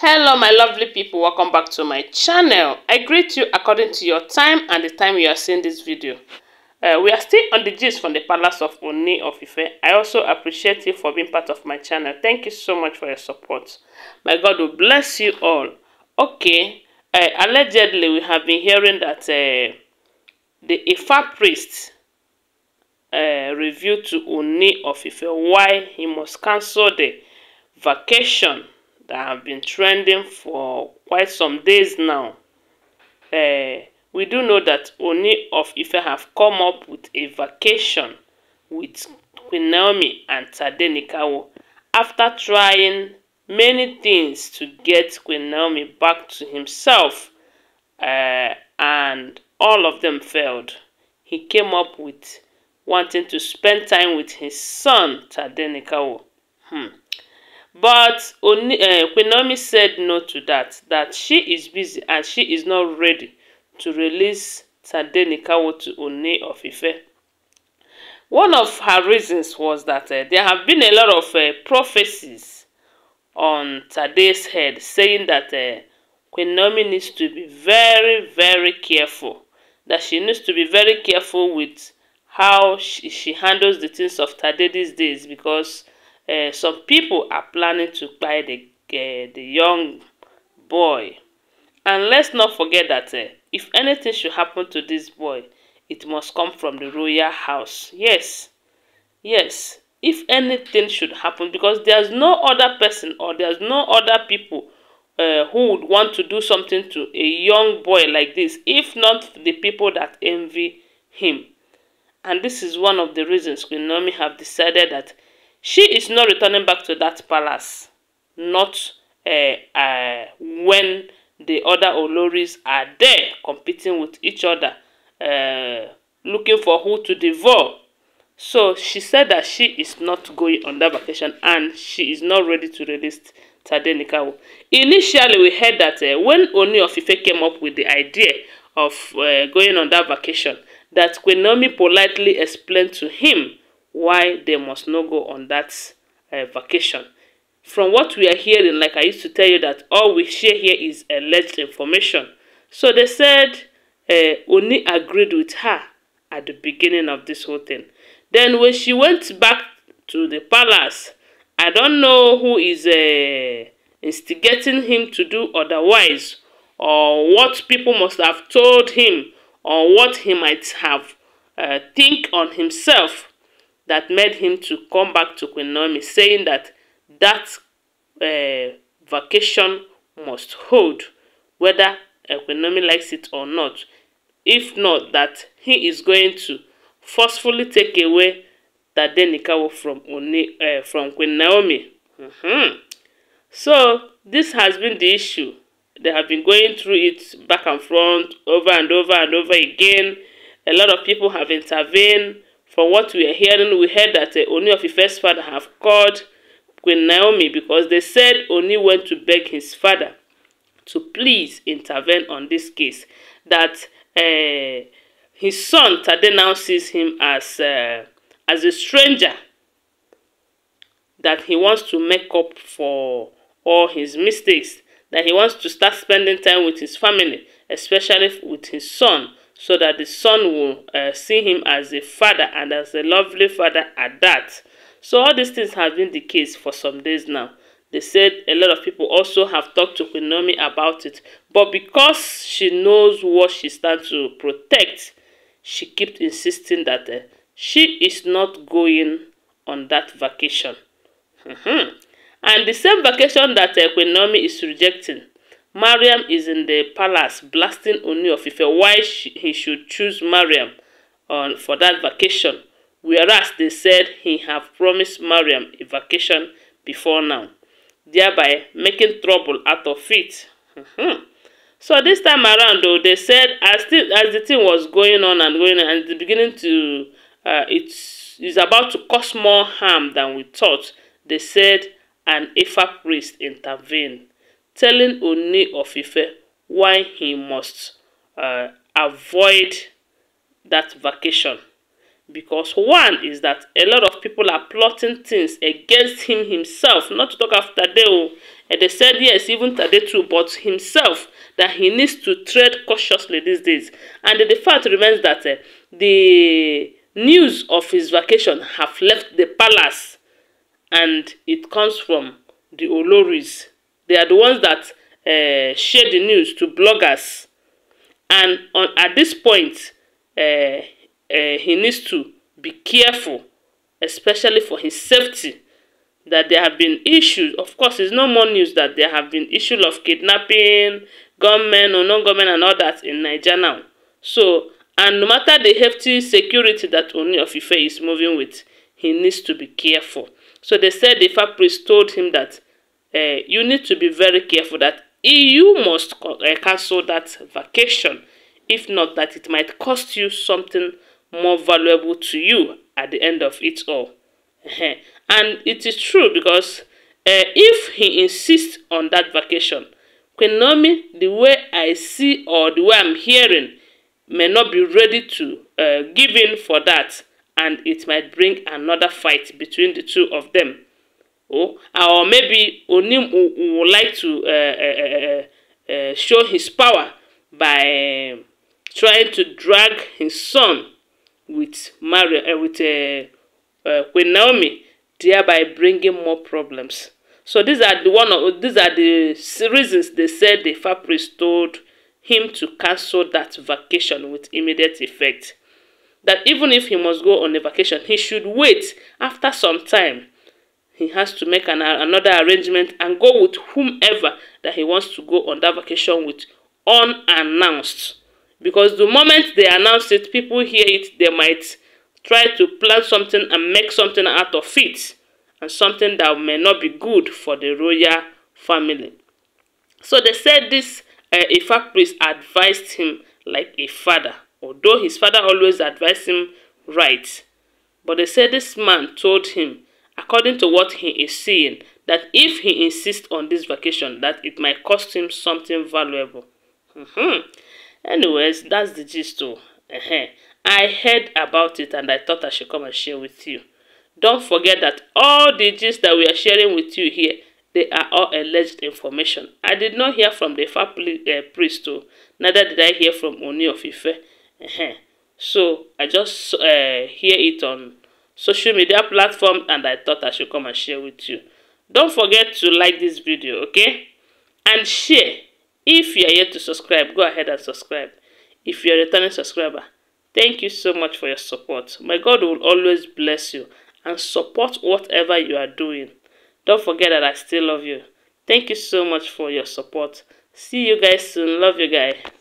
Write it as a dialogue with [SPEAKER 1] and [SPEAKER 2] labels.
[SPEAKER 1] hello my lovely people welcome back to my channel i greet you according to your time and the time you are seeing this video uh, we are still on the gist from the palace of Oni of Ife. I also appreciate you for being part of my channel. Thank you so much for your support. My God will bless you all. Okay, uh, allegedly we have been hearing that uh, the Ifa priest uh, revealed to Oni of Ife why he must cancel the vacation that have been trending for quite some days now. Uh, we do know that Oni of Ife have come up with a vacation with Queen Naomi and Tade Nikawo after trying many things to get Queen Naomi back to himself uh, and all of them failed. He came up with wanting to spend time with his son Tade Nikawo. Hmm. But Oni uh, eh, Kweinomi said no to that, that she is busy and she is not ready to release Tadenikawo to Ooni of Ife. One of her reasons was that uh, there have been a lot of uh, prophecies on Tade's head saying that uh, Kweinomi needs to be very, very careful, that she needs to be very careful with how she, she handles the things of Tade these days because Eh, some people are planning to buy the, uh, the young boy. And let's not forget that uh, if anything should happen to this boy, it must come from the royal house. Yes, yes, if anything should happen, because there's no other person or there's no other people uh, who would want to do something to a young boy like this, if not the people that envy him. And this is one of the reasons Queen Naomi have decided that She is not returning back to that palace. Not uh, uh, when the other Oloris are there competing with each other, uh, looking for who to devour. So she said that she is not going on that vacation and she is not ready to release Tade Nikawo. Initially, we heard that uh, when Oni of came up with the idea of uh, going on that vacation, that Queen politely explained to him why they must not go on that uh, vacation. From what we are hearing, like I used to tell you that all we share here is alleged information. So they said uh, Oni agreed with her at the beginning of this whole thing. Then when she went back to the palace, I don't know who is uh, instigating him to do otherwise or what people must have told him or what he might have uh, think on himself that made him to come back to Queen Naomi, saying that that uh, vacation must hold, whether uh, Queen Naomi likes it or not. If not, that he is going to forcefully take away Tadenikawo from Oni, uh, from Queen Naomi. Mm-hmm. So this has been the issue. They have been going through it back and front, over and over and over again. A lot of people have intervened. From what we are hearing, we heard that uh, Oni of first father have called Queen Naomi because they said Oni went to beg his father to please intervene on this case. That uh, his son Tade now sees him as uh, as a stranger. That he wants to make up for all his mistakes. That he wants to start spending time with his family, especially with his son so that the son will uh, see him as a father and as a lovely father at that. So all these things have been the case for some days now. They said a lot of people also have talked to Queen about it. But because she knows what she stands to protect, she kept insisting that uh, she is not going on that vacation. Mm-hmm. And the same vacation that uh, Queen is rejecting, Mariam is in the palace blasting Ooni of Ife why she, he should choose Mariam on for that vacation, whereas they said he have promised Mariam a vacation before now, thereby making trouble out of it. Mm-hmm. So this time around, though, they said as, the as the thing was going on and going on, and beginning to, uh, it's, is about to cause more harm than we thought, they said an Ifa priest intervened telling Ooni of Ife why he must uh, avoid that vacation. Because one is that a lot of people are plotting things against him himself, not to talk after Tadeo. And eh, they said, yes, even today too, but himself, that he needs to tread cautiously these days. And the fact remains that uh, the news of his vacation have left the palace and it comes from the Oloris They are the ones that uh, share the news to bloggers. And on, at this point, uh, uh, he needs to be careful, especially for his safety, that there have been issues. Of course, it's no more news that there have been issues of kidnapping, gunmen or non-gunmen and all that in Nigeria now. So, and no matter the hefty security that Oni of is moving with, he needs to be careful. So they said Ifa priest told him that uh, you need to be very careful that you must eh, cancel that vacation. If not, that it might cost you something more valuable to you at the end of it all. and it is true because uh, if he insists on that vacation, Queen Naomi, the way I see or the way I'm hearing, may not be ready to uh, give in for that, and it might bring another fight between the two of them oh, uh, or maybe Onim would like to uh uh, uh, uh, uh, show his power by um, trying to drag his son with Maria with Queen Naomi, thereby bringing more problems. So these are the one of these are the reasons they said the far priest told him to cancel that vacation with immediate effect. That even if he must go on a vacation, he should wait after some time he has to make an, another arrangement and go with whomever that he wants to go on that vacation with unannounced. Because the moment they announce it, people hear it, they might try to plan something and make something out of it, and something that may not be good for the royal family. So they said this uh, Ifa priest advised him like a father, although his father always advised him right. But they said this man told him according to what he is seeing, that if he insists on this vacation, that it might cost him something valuable. Mm-hmm. Anyways, that's the gist too. Uh-huh. I heard about it and I thought I should come and share with you. Don't forget that all the gist that we are sharing with you here, they are all alleged information. I did not hear from the family uh, eh, priest too. Oh. Neither did I hear from Oni of Ife. Uh-huh. So I just uh, hear it on social media platforms and I thought I should come and share with you. Don't forget to like this video, okay? And share. If you are yet to subscribe, go ahead and subscribe. If you are a returning subscriber, thank you so much for your support. My God will always bless you and support whatever you are doing. Don't forget that I still love you. Thank you so much for your support. See you guys soon. Love you guys.